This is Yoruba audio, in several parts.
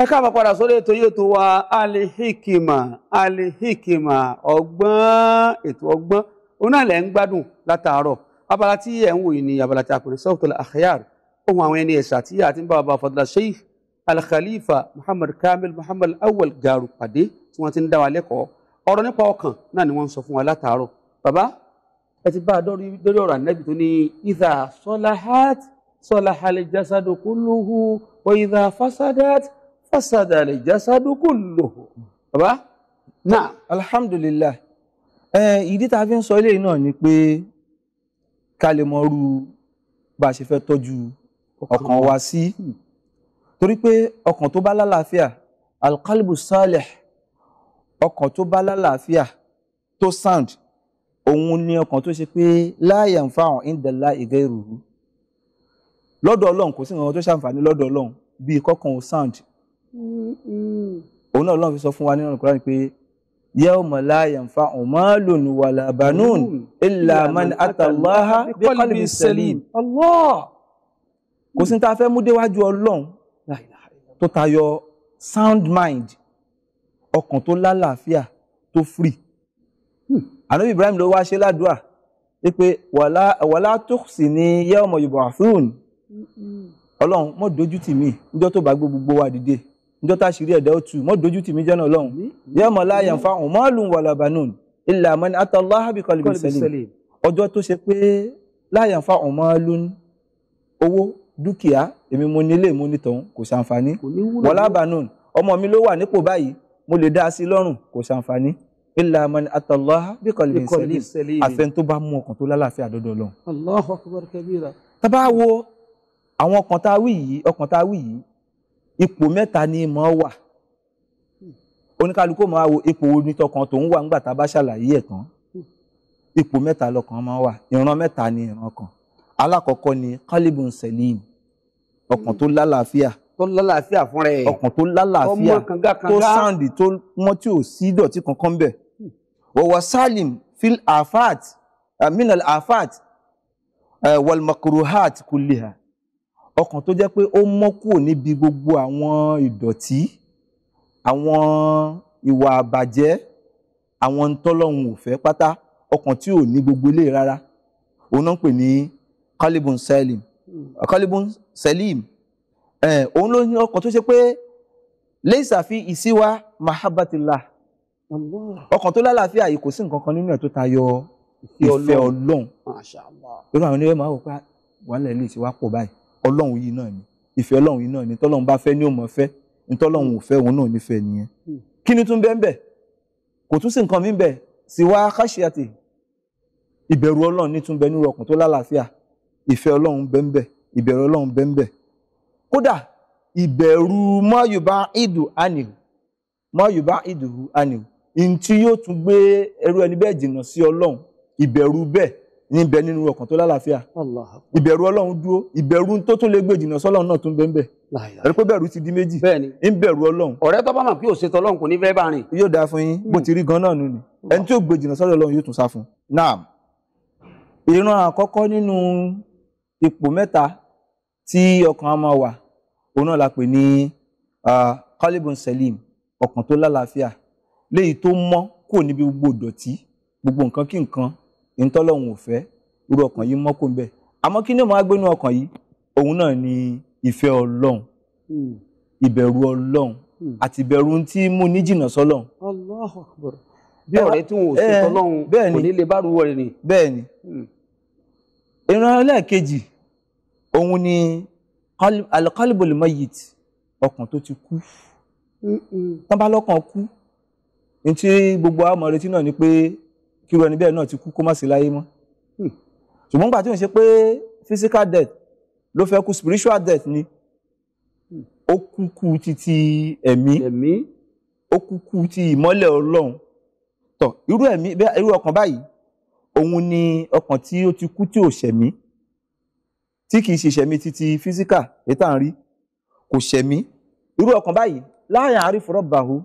ẹ káàbọ̀ padà sórí ètò yìí ètò wa alihikima alihikima ọgbọ́n ètò ọgbọ́n òun náà lẹ̀ ń gbádùn látàárọ̀ abala tí ẹ̀ ń wò yìí ni abala tí a pè ní sọ́ọ̀tọ̀lá àkàyàr ohun àwọn ẹni ẹ̀sà tí àti bá bá fadla sheikh alkhalifa muhammad kamil muhammad awal garu pàdé tí wọ́n ti ń dá wa lẹ́kọ̀ọ́ ọ̀rọ̀ nípa ọkàn náà ni wọ́n ń sọ fún wa látàárọ̀ bàbá ẹ ti bá a dórí fasada lè jásádù kulluhu bàbá náà alhamdulillah ẹ ìdí tá a fi ń sọ eléyìí náà ni pé ká lè mọ irú bá a ṣe fẹ́ tọ́jú ọkàn wa sí torí pé ọkàn tó bá lálàáfíà alqalbu salih ọkàn tó bá lálàáfíà tó sound òun ni ọkàn tó ṣe pé láàyè nfa àwọn ìdàlá ìgẹ́ ìrùrù lọ́dọ̀ ọlọ́run kò sí nǹkan tó ṣàǹfààní lọ́dọ̀ ọlọ́run bíi kọ́kàn sound òun náà Ọlọ́run fi sọ fún wa nínú Kùránì pé yawma la yanfa'u malun wala banun illa man ata Allaha bi qalbin salim. kò sí ní ta fẹ́ mú déwájú Ọlọ́run tó tayọ sound mind ọkàn tó lálàáfíà tó free. Hmm. ànábì Ibrahim ló wá ṣe ládùúà wípé wàlá tukhsini yawma yub'athun hmm, hmm. Ọlọ́run mọ́ dojú tì mí níjọ́ tó bá gbé gbogbo wa dìde njọ́ ta a ṣì rí ẹ̀dá ó tu mọ́ dojú tì mí jẹ́nà ọlọ́run yẹ́ mọ̀ láàyè nfa òun mọ́ lùn wàlà banun illa man ata Allah bi qalbin salim ọjọ́ tó ṣe pé láàyè nfa òun mọ́ lùn owó dúkìá èmi mo nílé mo ní tọ̀hún kò ṣàǹfààní wàlà banon ọmọ mi ló wà nípò báyìí mo lè dá a sí lọ́rùn kò ṣàǹfààní illa man ata Allah bi qalbin salim àfẹn tó bá mú ọkàn tó lálàáfíà dọ́dọ̀ ọlọ́run. Allahu akbar kabira. tá a bá wo àwọn ọkàn tá a wí yìí ọkàn tá a wí yìí ipò mẹ́ta ni mọ́ wà oníkálukú máa wo ipò wo ni tọkàn tó ń wà nígbà tá a bá ṣàlàyé ẹ̀ tán ipò mẹ́ta lọkàn máa wà ìran mẹ́ta ni ìran kan alákọ̀ọ́kọ́ ni kálíbùn sẹ̀lìm ọkàn tó lálàáfíà tó lálàáfíà fún rẹ̀ ọkàn tó lálàáfíà tó sáǹdì tó mọ́ tí ò sí ìdọ̀tí kankan bẹ̀ wọ̀wọ̀ salim fil afat minal afat eh, wal makruhat kulliha ọkàn tó jẹ́ pé ó mọ́ kúrò níbi gbogbo àwọn ìdọ̀tí àwọn ìwà àbàjẹ́ àwọn ń tọ́lọ́hun ò fẹ́ pátá ọkàn tí ò ní gbogbo ilé rárá òun náà ń pè ní kalibun salim kalibun hmm. salim òun ló ní ọkàn tó ṣe pé leisa fi ìsíwá mahabbatillah ọkàn tó lálàáfíà yìí kò sí nǹkan kan nínú ẹ̀ tó tayọ ìfẹ́ ọlọ́run irú àwọn oníwèé máa wò pé wàhálà ilé ìsíwá pọ̀ báyìí ọlọ́run yìí náà ni ìfẹ́ ọlọ́run yìí náà ni tọ́lọ́run bá fẹ́ ní òmò fẹ́ ntọ́lọ́run ò fẹ́ òun náà nífẹ̀ẹ́ nìyẹn hmm. kí ni tún bẹ́ẹ̀ bẹ́ẹ̀ kò tún sí nǹkan mí bẹ́ẹ̀ sì wá káṣíàtì ìbẹ̀rù ọlọ́run ní tún bẹ nírú ọkàn tó lálàáfíà ìfẹ́ ọlọ́run bẹ́ẹ̀ bẹ́ẹ̀ ìbẹ̀rù ọlọ́run bẹ́ẹ̀ bẹ́ẹ̀ kódà ìbẹ̀rù mọ́yùbá ìdù ánìhù mọ́yùbá ìdù ánìhù ìntí yóò tún gbé ẹrú ẹni bẹ́ẹ̀ jìnnà sí ọlọ́run ìbẹ̀rù bẹ́ẹ̀ ní bẹ nínú ọkàn tó lálàáfíà ìbẹ̀rù ọlọ́run dúró ìbẹ̀rù tó tún lè gbé jìnnà sọ́lọ́run náà tún bẹ́ẹ̀ bẹ́ẹ̀ ẹni pé bẹ̀rù ti di méjì ń bẹ̀rù ọlọ́run. ọ̀rẹ́ tó bá mà kí o ṣe tọ́lọ́run kò ní fẹ́ bá rìn. yóò dáa fún yín bó hmm. ti rí gan-an nù ni ẹni tí yóò gbé jìnnà sọ́dọ̀ ọlọ́run yóò tún sá fún. naam ìran àkọ́kọ́ nínú ipò mẹ́ta tí ọkàn á máa wà òun náà la pè ní kálíbùn selim ọkàn tó lálàáfíà léyìí tó mọ́ kò níbi gbogbo ìdọ̀tí gbogbo nǹkan kí nǹkan ìtọ́lọ́hun ò fẹ́ irú ọkàn yìí mọ́kò ń bẹ̀ àmọ́ kí ni mo á gbénú ọkàn yìí òun náà ni ìfẹ́ ọlọ́run hmm. ìbẹ̀rù ọlọ́run hmm. àti ìbẹ̀rù tí mú ní jìnnà sọ́lọ́run. Allahu Akbar bí eh, ọ̀rẹ́ tí wọn ò sí eh, tọ́lọ́run kò ní lè bá ruwọ́ rẹ̀ bẹ́ẹ̀ni hmm. ìran ẹlẹ́ẹ̀kejì òun ni alqalbul mayyit ọkàn tó ti kú tán lọ́kàn kú ní gbogbo àmọ́ náà ni pé kí irú ẹni bẹ́ẹ̀ náà ti kú kó má sí láyé mọ́ hmm. ṣùgbọ́n nígbà tí wọ́n ṣe pé physical death ló fẹ́ kú spiritual death ni hmm. ó kú kú títí ẹ̀mí ó kú kú ti ìmọ́lẹ̀ ọlọ́run tó irú ẹ̀mí irú ọkàn báyìí òun ni ọkàn tí ó ti kú tí ò ṣẹ̀mí tí kìí ṣe ṣẹ̀mí títí physical èyí tá à ń rí kò ṣẹ̀mí irú ọkàn báyìí láyà àrífọ̀rọ̀ bàhú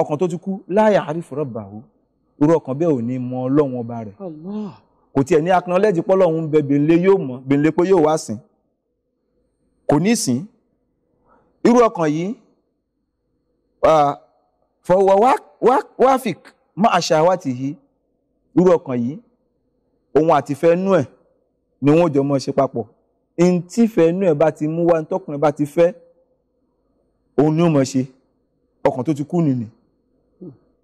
ọkàn tó ti kú láyà àrífọ̀rọ̀ bàhú irú ọkàn bẹ́ẹ̀ ò ní mọ ọlọ́run ọba rẹ̀ kò tiẹ̀ ní acknowledge pọ́lọ́run ń bẹ bẹ̀ǹlẹ̀ yóò mọ̀ bẹ̀ǹlẹ̀ pé yóò wá sìn kò ní sìn irú ọkàn yìí fọwọ́ wáfík má àṣà wá ti yí irú ọkàn yìí òun àtìfẹ́nú ẹ̀ ni wọ́n jọ mọ́ ṣe papọ̀ n tí ẹ̀ bá ti mú wá ní bá ti fẹ́ òun ni ó mọ̀ ṣe ọkàn tó ti kú nìyí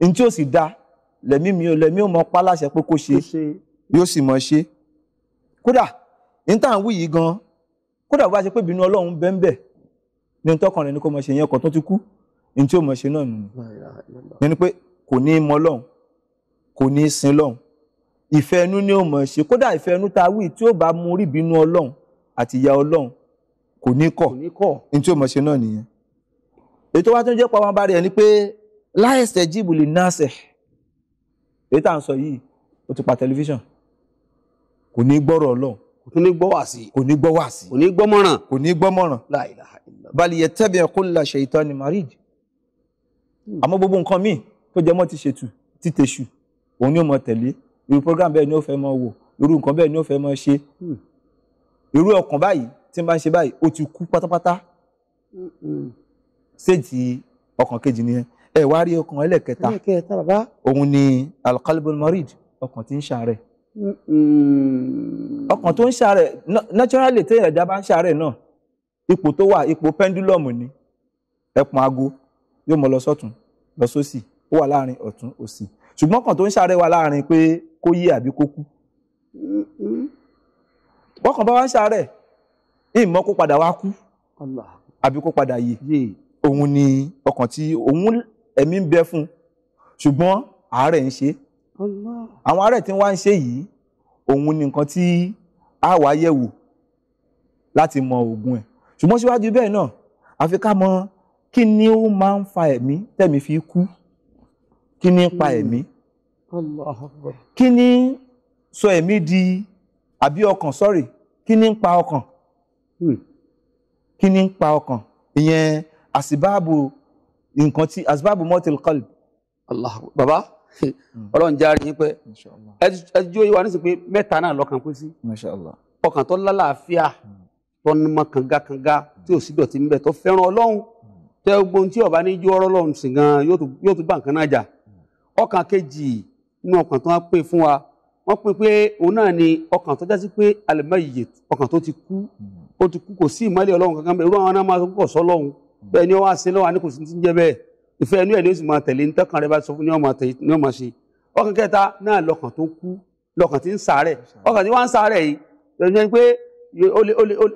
n ó sì dáa lẹ́mí mi ò lẹ́mí ò mọ pa láṣẹ pé kó ṣe yóò sì mọ ṣe kódà ní tá à ń wí yìí gan kódà bó bá ṣe pé ìbínú Ọlọ́run bẹ́ńbẹ́ ní tọkàn rẹ̀ ni kò mọ̀ ṣe yẹn ọkọ̀ tó ti kú ní tí ò mọ̀ ṣe náà nù ní pé kò ní í mọ Ọlọ́run kò ní í sin Ọlọ́run ìfẹ́ inú ni ó mọ̀ ṣe kódà ìfẹ́ inú ta wí tí ó bá mú rí ìbínú Ọlọ́run àti ìyà Ọlọ́run kò ní kọ̀ ní tí ó mọ̀ ṣe náà nìyẹn ètò wa tó ń jẹ́ pàwọn abárẹ̀ ni pé láìsẹ̀ jíìbù lè náà èyí tá à ń sọ yìí ó ti pa tẹlifíṣàn kò ní gbọ́rọ̀ ọlọ́run kò tún ní gbọ́ wàásì kò ní gbọ́ wàásì kò ní gbọ́ mọ̀ràn kò ní gbọ́ mọ̀ràn la ilaha illallah bal yattabi' kulla shaytani marid àmọ́ gbogbo nǹkan míì tó jẹ́ mọ́ ti ṣètù ti tèṣù òun ni ó mọ tẹ̀lé irú program bẹ́ẹ̀ ni ó fẹ́ mọ wò irú nǹkan bẹ́ẹ̀ ni ó fẹ́ mọ ṣe hmm. irú ọkàn báyìí tí n bá ń ṣe báyìí ó ti kú pátápátá hmm, hmm. séèjì ọkàn kejì nìyẹn ẹ wá rí ọkàn ẹlẹ́kẹta òun ni alqalbul marid ọkàn tí ń ṣàárẹ̀ ọkàn tó ń ṣàárẹ̀ naturally téèyàn ẹ̀dá bá ń ṣàárẹ̀ náà ipò tó wà ipò pendulum ni ẹpọn aago yóò mọ lọ sọ́tún lọ sósì ó wà láàrin ọ̀tún òsì ṣùgbọ́n ọkàn tó ń ṣàárẹ̀ wà láàrin pé kó yé àbí kó kú bọ́kàn bá wá ń ṣàárẹ̀ ìmọ̀ kó padà wá kú àbí kó padà yè òun ni ọkàn tí òun ẹ̀mí ń bẹ fún un ṣùgbọ́n àárẹ̀ ń ṣe àwọn àárẹ̀ tí wọ́n ń ṣe yìí òun ni nǹkan tí a wá yẹ̀wò láti mọ oògùn ẹ̀ ṣùgbọ́n síwájú bẹ́ẹ̀ náà àfi ká mọ kí ni ó máa ń fa ẹ̀mí tẹ̀mí fi kú kí ni pa hmm. ẹ̀mí kí ni sọ ẹ̀mí di àbí ọkàn sọ́rí kí ni ń pa ọkàn hmm. kí ni pa ọkàn ìyẹn àsìbáàbò nǹkan tí asbáàbù mọ́tìl qalb. Allah baba hmm. ọlọ́run járe yín pé ẹ jó yín wá nísìnyí pé mẹ́ta náà lọ́kàn pín sí. ọkàn tó lálàáfíà hmm. tó nímọ̀ kangakanga hmm. tí ò sí dọ̀tí ń bẹ tó fẹ́ràn ọlọ́run tẹ gbóhun tí ọba ní jó ọ̀rọ̀ ọlọ́run sì gan yóò tún bá nǹkan náà jà ọkàn kejì inú ọkàn tó wọ́n pè fún wa wọ́n pè pé òun náà ni ọkàn tó jásí pé àlùmọ́ ìyè ọkàn tó ti kú ó ti kú kò sí ìmọ́lẹ̀ ọlọ́run kankan bẹ́ẹ̀ irú àwọn náà máa kọ̀ sọ́lọ́run bẹ́ẹ̀ ni ó wá sí lọ́wọ́ àníkù sí ti ni ó sì máa tẹ̀lé nítọ́kàn rẹ bá sọ fún ni ṣe ọkàn kẹta náà lọkàn tó kú lọkàn tí ń sàárẹ̀ ọkàn tí ń yìí pé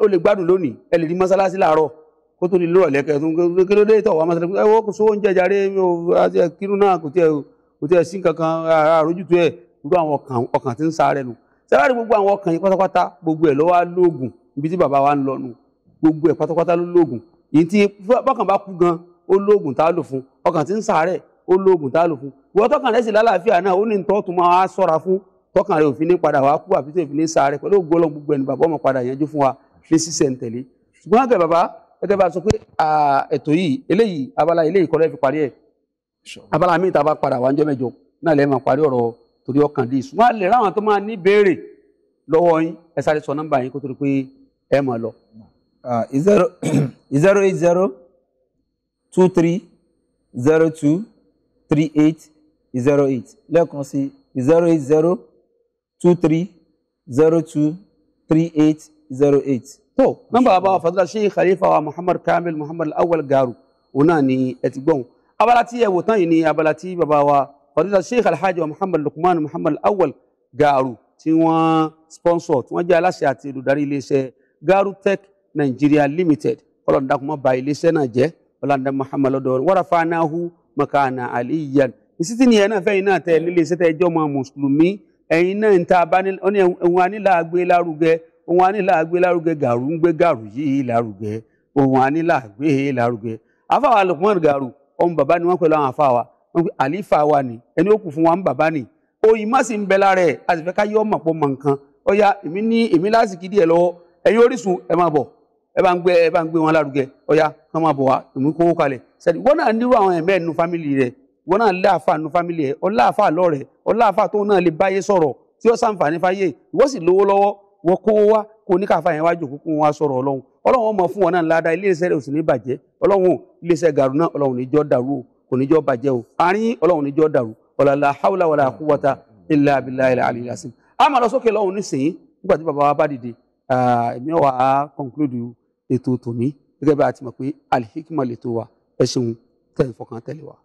ó lè gbádùn lónìí ẹ lè mọ́sálásí kó tó kí ló dé tọ̀ wá mọ́sálásí ẹ wọ́n kò sówó jàre kírun náà kò tiẹ̀ sí kankan ẹ̀ gbogbo àwọn ọkàn tí ń sàárẹ̀ gbogbo àwọn ọkàn yìí pátápátá gbogbo ẹ̀ lóògùn ibi nù gbogbo ẹ̀ pátápátá ló yìí tí bọ́kàn bá kú gan ó lóògùn tá a lò fún ọkàn tí ń sàárẹ̀ ó lóògùn tá a lò fún ìwọ tọkàn rẹ sì lálàáfíà náà ó ní tọ́ tún máa sọ́ra fún tọkàn rẹ òfin ní padà wá kú àfi tó òfin ní sàárẹ̀ pẹ̀lú ògbólọ́ gbogbo ẹni bàbá ọmọ padà yanjú fún wa ní sísẹ̀ ń tẹ̀lé ṣùgbọ́n àgbẹ̀ bàbá gẹ́gẹ́ bá a sọ pé ètò yìí eléyìí abala eléyìí kọ́lẹ́ fi parí ẹ̀ abala mi ta bá padà wá ń jọ́ mẹ́jọ náà lẹ́ẹ̀ máa parí ọ̀rọ̀ torí ọkàn dì ṣùgbọ́n àlè ráwọn tó máa ní béèrè lọ́wọ́ yín ẹ sáré sọ nọ́mbà yín kó torí pé ẹ máa lọ uh, zero zero eight zero two three zero two three eight zero eight lẹ́ẹ̀kan sí zero eight zero two three zero two three eight zero eight. tó nọ́mbà bá wa fàdúrà ṣe khalifa wa muhammad kamil muhammad awal garu òun náà ni ẹ ti gbọ́n abala tí ẹ wò tán yìí ni abala tí bàbá wa fàdúrà sheikh alhaji wa muhammad lukman muhammad awal garu tí wọ́n sponsor tí wọ́n jẹ́ aláṣẹ àti olùdarí iléeṣẹ́ garu tech Nigeria Limited ọlọ́run dákun má bà iléeṣẹ́ náà jẹ́ ọlọ́run dákun Muhammad lọ́dọ̀ warafanahu makana aliyan ìsítí ni ẹ̀ náà fẹ́yìn náà tẹ̀ nílé iṣẹ́ tẹ̀ ẹjọ́ mọ́ mùsùlùmí ẹ̀yin náà ń ta ohun aníláàgbé lárugẹ ohun aníláàgbé lárugẹ gàrú ń gbé gàrú yìí lárugẹ ohun aníláàgbé lárugẹ afáwa Lukman Garu ọmọ bàbá ni wọ́n pẹ̀lú àwọn afáwa wọ́n pe àlífà wa ni ẹni ó kù fún wa ń bàbá ni oyin má sì ń bẹ lára ẹ̀ àti fẹ́ ká yọ ọmọ pọ̀ mọ̀ nǹkan ọ̀ya èmi ní èmi lásìkò díẹ̀ lọ́wọ́ ẹ̀yin Orísun ẹ máa bọ̀ ẹ bá ń gbé ẹ bá ń gbé wọn lárugẹ ọyá wọn máa bọ̀ wá èmi kówó kalẹ̀ sẹ́ni wọ́n náà nírú àwọn ẹ̀mẹ́ nu fámìlì rẹ̀ wọ́n náà láàfà nu fámìlì ẹ̀ ọláàfà lọ́rẹ̀ ọláàfà tóun náà lè báyé sọ̀rọ̀ tí ó sàǹfààní fáyé ìwọ sì lówó lọ́wọ́ wọ́n kówó wá kó ní káfa yẹn wá jòkó kó wá sọ̀rọ̀ ọlọ́run ọlọ́run ọmọ fún wọn náà ládàá iléeṣẹ́ rẹ̀ ò sì ní bàjẹ́ ọlọ́run iléeṣẹ́ gàrú náà ọlọ́run níjọ́ dàrú dàrú billahi aliyil azim. a máa lọ sókè lọ́run nísìnyí nígbà tí bàbá wa conclude ètò tòní gẹ́gẹ́ bí a ti mọ̀ pé alihikima lè tó wa ẹ ṣeun tẹ̀ ń fọkàn tẹ̀lé wa.